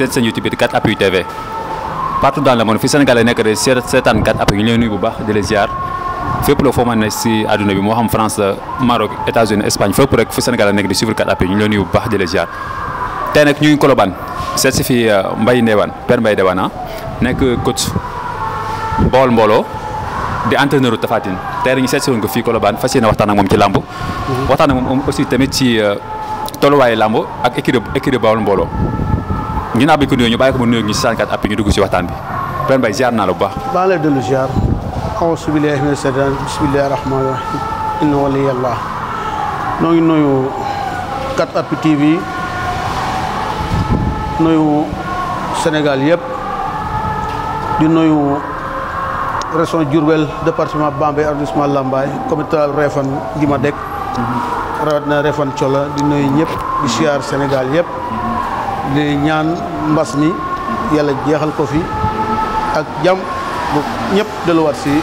seet seen YouTube bi 4appuis TV partout dans le monde fi Sénégalais nekk de seetaan 4appuis ñu leen nuyu bu baax di la ziar la foo mën ne si àdduna bi moo xam France Maroc États-Unis Espagne fépp rek fi Sénégalais nekk di suivre 4appuis ñu leen nuyu bu baax di la ziar tey nag ñu ngi Colobane seet si fi euh, Mbaye Ndewane Père Mbaye Ndewane ah, nekk coach Bawol Mbooloo di entraîneur Tapha Tine tey ñu seet si woon ko fii Colobane fas yéene waxtaan ak moom ci lamb mhm. waxtaan ak moom aussi tamit ci euh, tolluwaayu làmb ak équipe équipe Bawol Mbooloo ginnaaw bi ko nuyoo ñu bàyyi ko mu nuyoo ñu 64 appui ñu dugg si waxtaan bi Père Mbaye naa la bu baax. maa ngi lay dellu ziar. auzu billaahi mina seytaani bismillaahi rahmaani rahiim. noo ngi nuyu 4 appui TV nuyu Sénégal yëpp di nuyu région Diourbel département Bambey arrondissement Lambaye comité Réfane gi ma dëkk. Mhm. rawat na Réfane Thiola di nuyu ñëpp di ziar Sénégal yëpp. Mhm. di ñaan. mbas ni yàlla jeexal ko fi ak jam bu ñëpp delluwaat si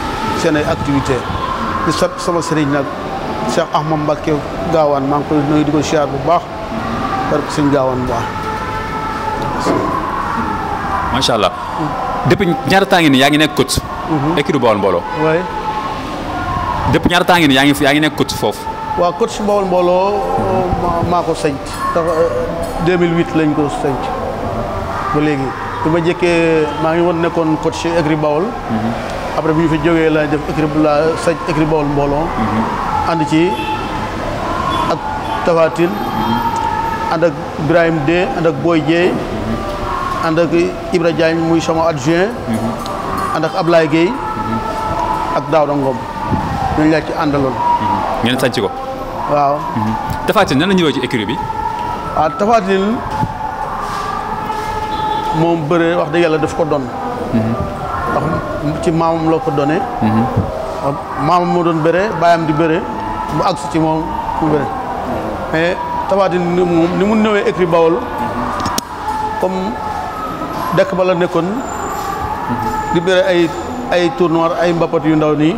seen ay activité di sant sama sëriñ nag Cheikh Ahmad Mbacke gaawaan maa ngi koy nuyu di ko siyaar bu baax parce que suñ gaawaan bu baax macha allah depuis ñaari ngi nii yaa ngi nekk coach mhm. équipe Bawol Mbooloo waaye depuis ngi nii yaa ngi nekk coach foofu waa coach Bawol Mbooloo maa ko sanc ndax 2008 euh, lañ ko sanc ba léegi bi ma njëkkee maa ngi won nekkoon coach écurie Bawol mhm. après bi ñu fi jógee la def écurie la saj écurie Bawol mbooloo mhm. ànd ci ak Tapha Tine mhm. ànd ak Ibrahim Dé ànd ak Boy Dieye ànd ak Ibra Diagne muy sama adjoint ànd ak Ablaye Gueye ak Daouda Ngom ñooñu laa ci àndaloon ngeen sànc ko waaw Tapha Tine nan la ci écurie bi waaw ah, moom bëre wax dëgg yàlla daf ko doon ndax ci maamam la ko donee mhm. maamam moo doon bëre baayam di bëre mu agsi ci moom mu bëre mais tabaati ni mu ni mu ñëwee écrit bawol comme dëkk ba la nekkoon mhm. di bëre ay ay ay mbapat yu ndaw nii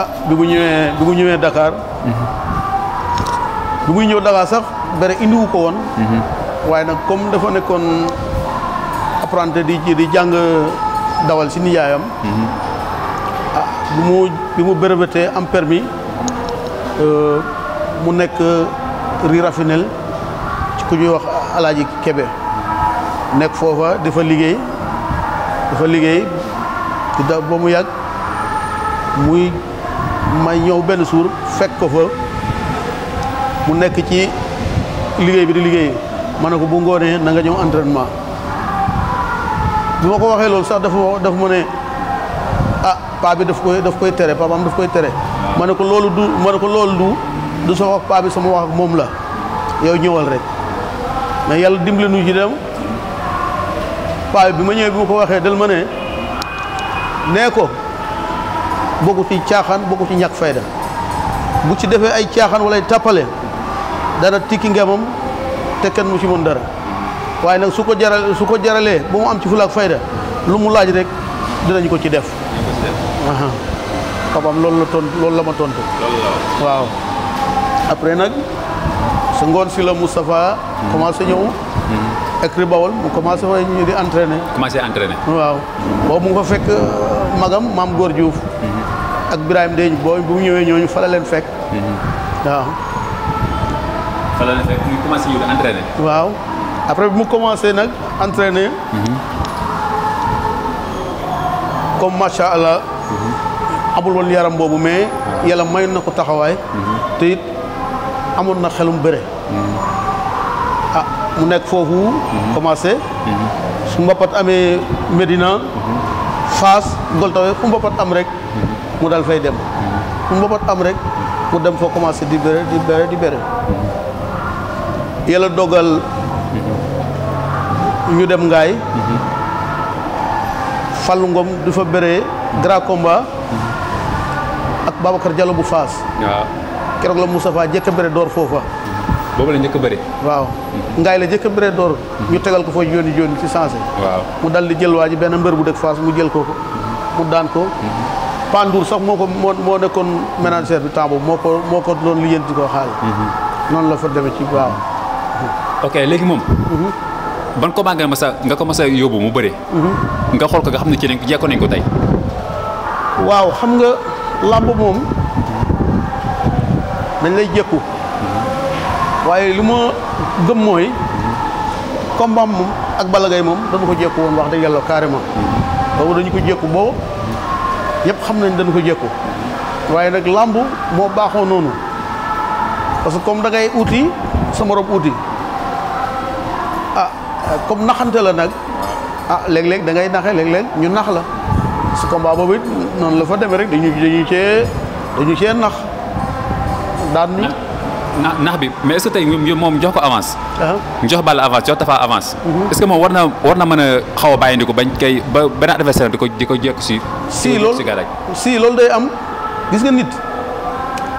ah bi mu ñëwee bi mu ñëwee Dakar mhm. bi muy ñëw Dakar sax bëre indiwu ko woon waaye nag comme dafa nekkoon apprenti di di jàng dawal si nijaayam. ah bi mu bi mu am permis euh, mu nekk rirafinel ci ku ñuy wax alaaji Kebe nekk foofa dafa liggéey dafa liggéey di da ba mu yàgg muy may ñëw benn suur fekk ko fa mu nekk ci liggéey bi di liggéey ma ne ko bu ngoonee na nga ñëw entraînement bu ma ko waxee loolu sax dafa daf ma ne ah paa bi daf koy daf koy tere papaam daf koy tere ma ne ko loolu du ma ne ko loolu du du sama wax paa sama wax ak moom la yow ñëwal rek mais yàlla dimbali nu ji dem paa bi ma ñëwee bi ma ko waxee dal ma ne nee ko bokku ci caaxaan bokku ci ñàkk fayda bu ci defee ay caaxaan wala ay tàppale dana tikki ngemam te kenn mu ci mën dara waaye nag su ko jaral su ko jaralee ba mu am ci fulaak fayda lu mu laaj rek dinañ ko ci def xabam loolu la tontu loolu la ma tontu waaw après nag su ngoon si la Moustapha commencé ñëw écrit hmm. Bawol mu commencé fa ñu di entraîné commencé entraîné waaw boobu mu nga fekk euh, magam maam Góor Diouf hmm. ak Birahim Deñ boobu mu ñëwee ñooñu fa la leen fekk hmm. waaw waaw après bi mu commencé nag entraîner. comme macha allah. amul woon yaram boobu mais. yàlla may na ko taxawaay. te amoon na xelum bëre. a ah, mu nekk foofu. commencé. su mbappat amee Medina. Fass Ngoltawé fu mbapat am rek. mu dal fay dem. fu mbapat am rek. mu dem foo commencé di bëre di bëre di bëre. yàlla dogal. ñu dem ngaay Fallou Ngom du fa bëree grand combat ak Babacar Diallo bu Faas waaw keroog la Moustapha jëkk a bëre door foofa boobu la njëkk a waaw ngaay la jëkk a bëre door ñu tegal ko fa jóoni jóoni ci sensé waaw mu dal di jël waa ji benn mbër bu dëkk Faas mu jël ko ko mu daan ko Pandour sax moo ko moo moo nekkoon menager bi temps moo ko moo ko doon liggéeyanti ko xaalis mhm. noonu la fa demee ci waaw ok léegi moom mhm. ban combat nga mas a nga ko mas a yóbbu mu bëre. Mhm. nga xool ko nga xam ne ci nañ ko jekko nañ ko tey. waaw xam nga làmb moom dañ lay jékku waaye lu ma gëm mooy combat moom ak Balla moom dañu ko jékku woon wax dëgg yàlla carrément boobu dañu ko jékku boo yëpp xam nañ dañu ko jékku waaye nag làmb moo baaxoo noonu parce que comme da ngay uuti sa morom uuti. comme nax naxante la nag a ah, léeg-léeg da ngay naxe léeg-léeg ñu nax la su combat boobu it noonu la fa demee rek dañu dañu cee dañu cee nax daan ñu nax bi mais est-ce que tey moom jox ko avance. Ah. jox Balla avance jox Tafa avance. Mhm. est moom war na war na mën a xaw a bàyyindiku bañ kay ba benn adversaire di ko di ko jekk si. si loolu si loolu day am gis nga nit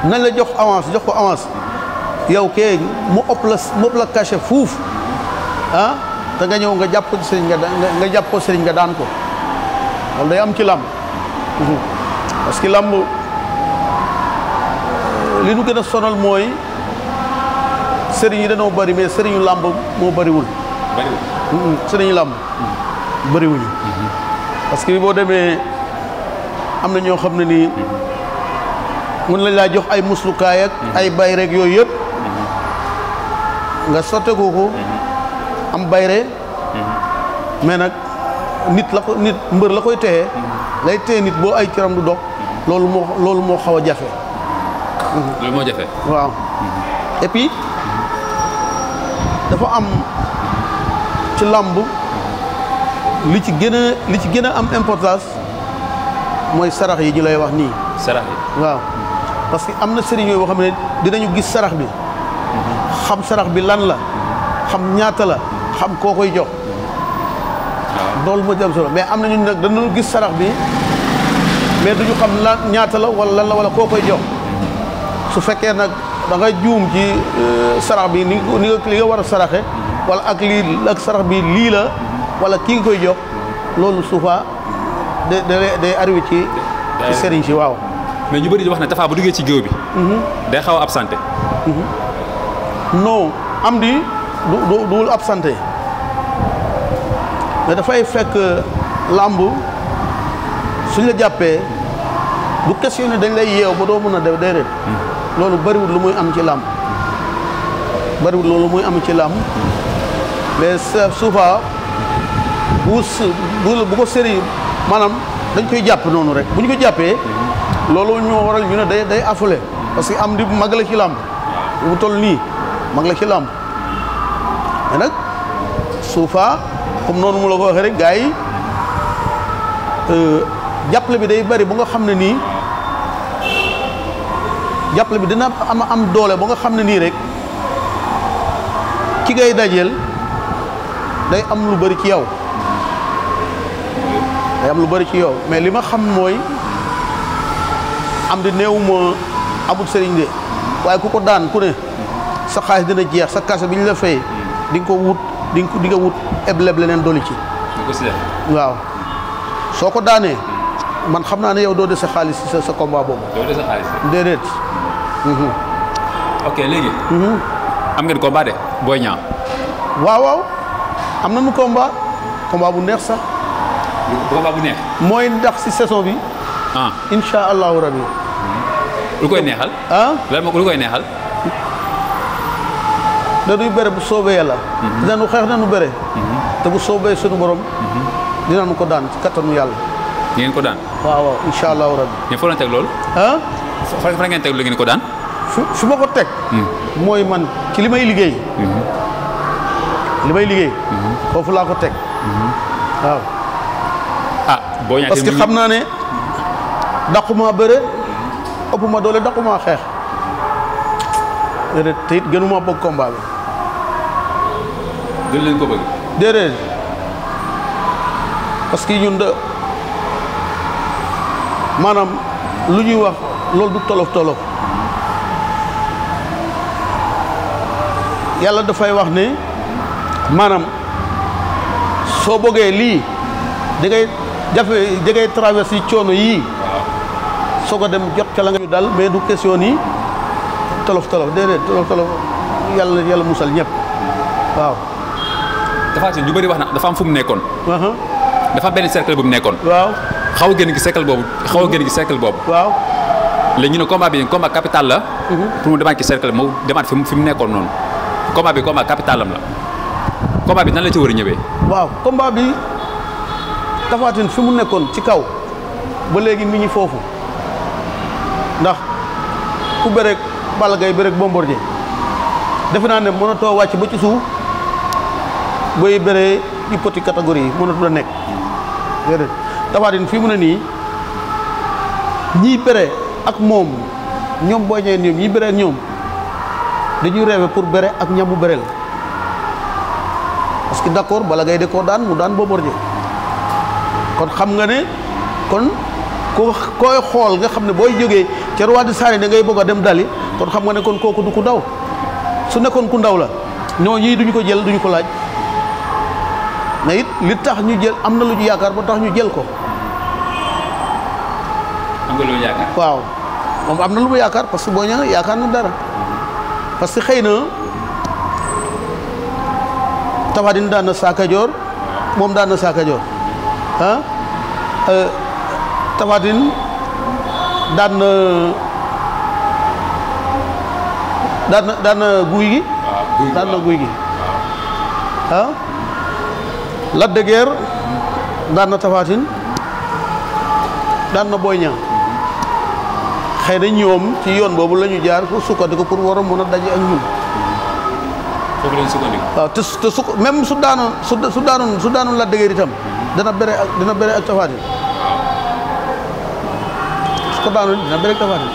nañ la jox avance jox ko avance yow kee mu ëpp la mu la cachet fuuf ah. te nga ñëw nga jàpp sëriñ nga nga jàpp ko sëriñ nga daan ko loolu day am ci làmb parce que làmb euh, li nu gën a sonal mooy sëriñ yi dañoo bari mais sëriñu làmb moo bariwul sëriñu làmb bariwuñu parce que boo demee am na ñoo xam ne nii mun lañ laa jox ay muslukaay ay bay rek yooyu yëpp nga sotte ko mm-hmm. am bayre mhm. mais nag nit la ko nit mbër la koy téye lay mhm. téye nit boo ay cëram du dog mhm. loolu moo loolu moo xaw a jafe moo jafe waaw et dafa am ci làmb li ci gën a li ci gën a am importance mooy sarax yi ñu lay wax nii sarax waaw parce que am na sëriñ yooyu boo xam ne dinañu gis sarax bi xam sarax bi lan la xam ñaata la xam koo koy jox. loolu moo jëm solo mais am na ñun nag gis sarax bi mais duñu xam lan ñaata la wala lan la wala koo koy jox su fekkee nag da nga ci euh, sarax bi ni nga war a saraxe wala ak lii ak sarax bi lii la wala ki nga koy jox loolu suufa da da day arrivé ci ci sëriñ si waaw. mais ñu bari di wax ne Tapha bu duggee ci géew bi. Mhm. day xaw a absenté. Mhm. non am di du du duwul absenté. mais dafay fekk euh, làmb suñ jàppee du question ne dañ lay yeew ba doo mën a def déedéet hmm. loolu bëriwul lu muy am ci làmb bëriwul loolu muy am ci làmb mais souvent bu bu ko séri maanaam dañ koy jàpp noonu rek bu ñu ko jàppee hmm. loolu ñu waral ñu ne day day affolé parce que am di mag la ci làmb bu toll nii mag la ci làmb mais nag comme noonu mu la ko waxee rek gars yi euh, jàppale bi day bari ba nga xam ne nii jàppale bi dina am am doole ba nga xam ne nii rek ki ngay dajeel day am lu bari ci yow day am lu bari ci yow mais li ma xam mooy am di néew ma amut sëriñ de waaye ku ko daan ku ne sa xaalis dina jeex sa kase bi ñu la fay di ko wut di di nga wut ebleb leneen dolli ci. waaw soo ko daanee. man xam naa ne yow doo dese xaalis si sa sa combat boobu. doo dese xaalis déedéet. Mhm. ok léegi. Mhm. am ngeen combat de Boy Niang. waaw waaw am nañu combat. combat bu neex sax. combat bu neex. mooy ndax si saison bi. ah incha allahu rabi. lu koy neexal. ah lan lu koy neexal. dañuy bëre bu soobee yàlla. Mhm. dinañu xeex nañu bëre. Mhm. te bu soobee suñu borom. Mhm. dinañu ko daan ci kattanu yàlla. ngeen ko daan. waaw waaw incha allahu rabbi. mais foo ko daan. su ma ko teg. mooy man ci li may liggéey. may liggéey. foofu laa ko teg. waaw. ah boo ñaatee parce que xam naa ne daquma ma doole daquma xeex. te it gënuma bëgg gën ko bëgg. déedéet parce que ñun da maanaam lu ñuy wax loolu du tolof tolof yàlla dafay wax ni maanaam soo bëggee lii da ngay jafe da ngay traversé yi coono yii soo ko dem jot ca la nga dal mais du question yi tolof tolof déedéet tolof tolof yàlla yàlla musal ñëpp waaw Tapha ñu bëri wax na dafa am fu mu nekkoon. Uh-huh. dafa am benn cercle bu mu nekkoon. waaw xaw a génn gi cercle boobu xaw uh-huh. gi cercle boobu. waaw léegi ñu ne combat bi combat capital la. Uh-huh. pour mu demaat ci cercle mu demaat fi mu fi mu nekkoon noonu. combat bi combat capital la combat bi nan la ci war a ñëwee. waaw combat bi Tapha fi mu nekkoon ci kaw ba léegi mi ngi foofu ndax ku bëreeg Balla Gaye bëreeg Bombardier defe naa ne mënatoo wàcc ba ci booy bere ci petite catégorie yi mënatu la nekk déedéet fii mu ne nii ñii bëre ak moom ñoom booy ñëwee ñoom ñiy bëre ak ñoom dañuy rêvé pour bëre ak ñamu bëreel parce que d'accord bala ngay de daan mu daan Bombardier kon xam nga ne kon koo ko koy xool nga xam ne booy jógee ca roi de Sane da ngay bëgg a dem dali kon xam nga ne kon kooku du ku ndaw su nekkoon ku ndaw la ñoo ñii duñu ko jël duñu ko laaj mais it li tax ñu jël am na lu ñu yaakaar ba tax ñu jël ko. waaw moom am na lu mu yaakaar parce que boo ña yaakaar na dara parce que xëy na Tafaadine daan na Saaka moom daan na Saaka Joor ah daan na guy gi. daan guy ah, gi Lac de Guiers daan na Tapha daan na booy Niang xëy na ñoom ci yoon boobu la ñu jaar pour sukkandiku pour war a mën a daje ak ñun. la ñu sukkandiku. waaw te su même su daanoon su su daanoon su daanoon Lac de itam dana bere ak dina bere ak Tapha Tine su ko daanoon dina bere ak Tapha Tine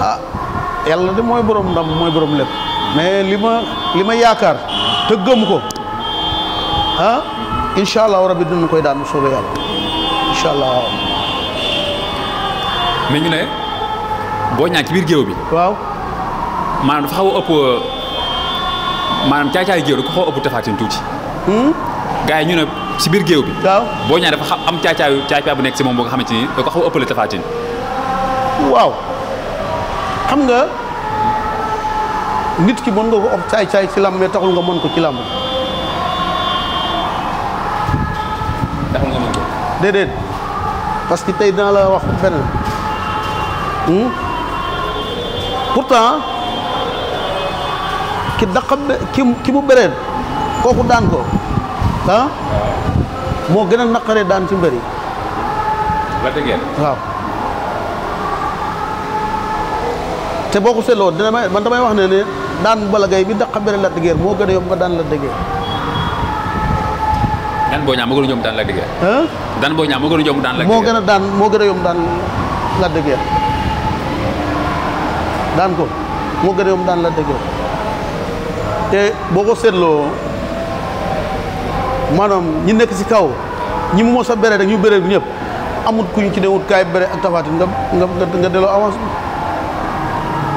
ah yàlla de mooy borom ndam mooy borom lépp. mais lima ma li ma yaakaar te gëm ko ah incha allahu rabi dinañ koy daan bu soobee yàlla incha allah waaw. mais ñu ne boo ñaan ci géew bi. waaw. maanaam dafa xaw a ëpp maanaam caay-caay géew dafa xaw ëpp tafaatin tuuti. Hmm? gars yi ñu ne si biir géew bi. waaw boo ñaan dafa xam am caay-caayu caay bu nekk si moom boo nga xamante ni da ko xaw a ëppale tafaatin. waaw xam nga. nit ki mën nga ko op caay caay ci làmb mais taxul nga mën ko ci làmb déedéet parce que tey dinaa la wax beneen hmm? pourtant ki daqam ki ki mu bëreen kooku daan ko ah? moo gën a naqaree daan ci mbëri waaw te boo ko seetloo dina man damay wax ne daan Balla Gaye bi daq bëre Lac de Guiers moo gën a yomb nga daan Lac daan boo ñaax boo ñaax moo gën a yomb daan moo gën a daan moo gën a yomb daan Lac moo gën a daan Lac de ko seetloo maanaam ñi nekk si kaw ñi mu mos sa bere rek ñu bëre ñëpp amut ku ñu ci newut kaay bëre ak tafaatin nga nga nga delloo avance bi.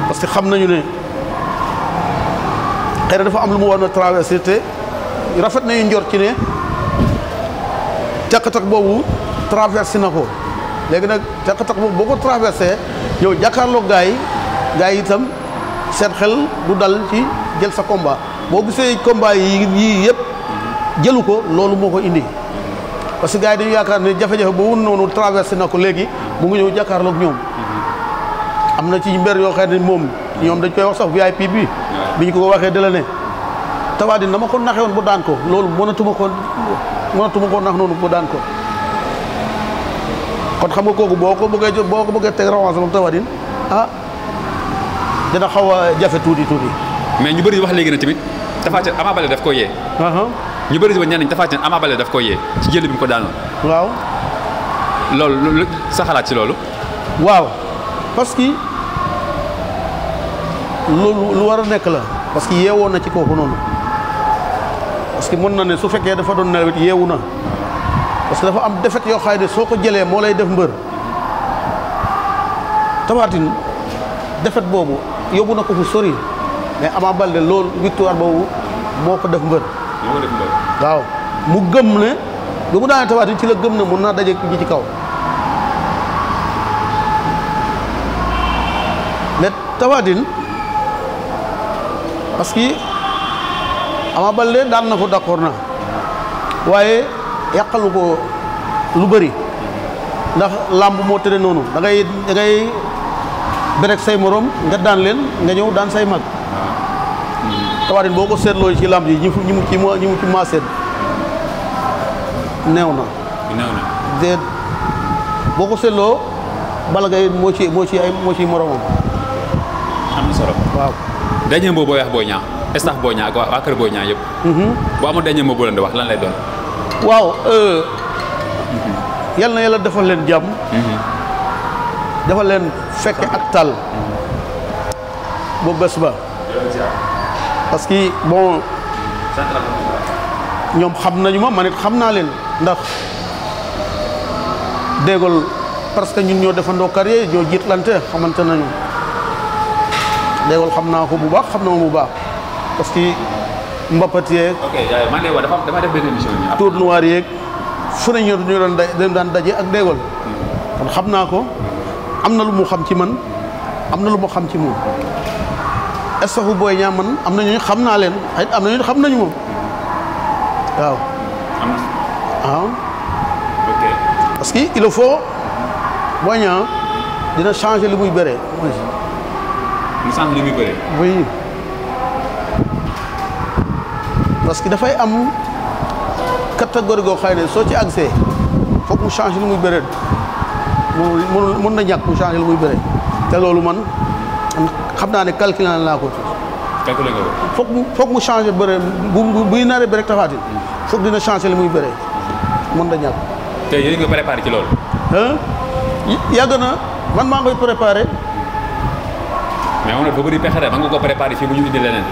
parce que xam nañu ne xëy na dafa am lu mu war a traversé rafet nañu njor ci ne càkk boobu traversé na ko léegi nag càkk-càkk boobu boo ko traversé yow jàkkaarloo gaay gaay yi itam seen xel du dal ci jël sa combat boo gisee combat yi yii yëpp jëlu ko loolu moo ko indi parce que gaay yi yaakaar ne jafe-jafe boobu noonu traversé na ko léegi mu ngi ñëw jàkkaarloog ñoom. am na ci mbër yoo xam ne moom ñoom dañ koy wax sax VIP bi bi ñu ko ko waxee dala ne tawaadin na ma ko naxewoon bu daan ko loolu mënatuma ko mënatuma ko nax noonu bu daan ko kon xam nga kooku boo ko bëggee boo ko bëggee teg revanche moom tawaadin ah dina xaw a jafe tuuti tuuti mais ñu bari wax léegi na tamit Tapha Tine Ama daf ko yee ñu bari wax ñenn ñi Tapha Tine Ama Baldé daf ko yee ci jël ko daanoon waaw loolu sa xalaat ci loolu waaw loolu lu war a nekk la parce que yeewoon na ci kooku noonu parce que mën na ne su fekkee dafa doon nelaw yeewu na parce que dafa am defet yoo xam ne soo ko jëlee moo lay def mbër tabaatin defet boobu yóbbu na ko fu sori mais Ama Baldé loolu victoire boobu moo ko def mbër. waaw mu gëm ne ba mu daanee ci la gëm na mun naa daje ji ci kaw. mais tabaatin parce que Ama Baldé daan na ko d'accord na waaye yàqalu ko lu bari ndax làmb moo tëddee noonu da ngay da ngay berek say morom nga daan leen nga ñëw daan say mag tawatin boo ko seetloo ci làmb yi ñi ñi mu ci ñi mu ci neew na de boo ko seetloo bala ngay moo ci moo ci ay moo ci moromam waaw dernier mot booy wax Boy Niang ak waa kër Boy Niang yëpp. boo amoon dernier mot boo leen di wax lan lay doon. waaw euh, mhm. yal na yàlla defal leen jàmm. Mhm. defal leen fekke ak tal. Mhm. boobu bés ba. parce que bon. ñoom xam nañu ma man xam naa leen ndax déggol parce que ñun ñoo defandoo carrière ñoo jiitlante xamante nañu. deewal xam naa ko bu baax xam na ma bu baax parce que mbapat yeeg. ok euh, dama def benn émission bi. tournoi yeeg fu ne ñu doon dañu daan daje ak deewal hmm. xam naa ko am na lu mu xam ci man am na lu mu xam ci moom. estafu booy ñaa man am na ñu xam naa leen ay am na ñu xam nañu moom waaw. am ah. ok parce que il faut booy ñaa dina changer li muy bëree. mu sànq li muy bëri. oui parce que dafay am catégorie goo xëy ne soo ci accès foog mu changé lu muy bëri mu mun na ñàkk mu changé lu muy bëri te loolu man xam naa ne calculé naa ko. calculé mu foog mu changé bëri bu bu buy naree bëri Tapha Tine dina changé li muy bëree mun na ñàkk. te yéen nga préparé ci loolu. yàgg na man maa koy préparé. mais moom nag ba bëri ko préparé fii bu ñu indi leneen.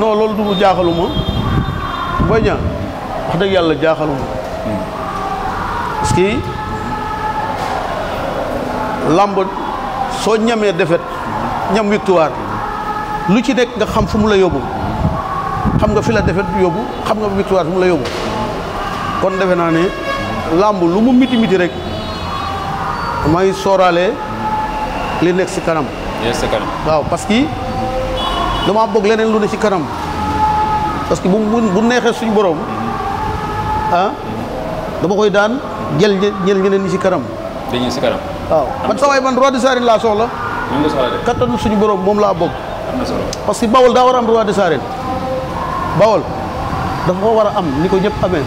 loolu du jaaxaluma Boy Niang wax dëgg yàlla jaaxaluma parce que làmb soo ñamee défaite ñam victoire lu ci nekk nga xam fu mu la yóbbu xam nga fila defet défaite yóbbu xam nga victoire fu mu la yóbbu kon defe naa ne làmb lu mu miti miti rek may sooraale li nekk si kanam. waaw parce que dama bëgg leneen lu ne ci kanam parce que bu bu neexee suñu borom ah dama koy daan jël jël ñeneen ñi ci kanam. dañuy ci waaw man sa waay man roi des arènes laa soxla. moom la soxla de. kattanu suñu borom moom laa bëgg. parce que Bawol daa war a am roi des arènes Bawol dafa ko war a am ni ko ñëpp amee.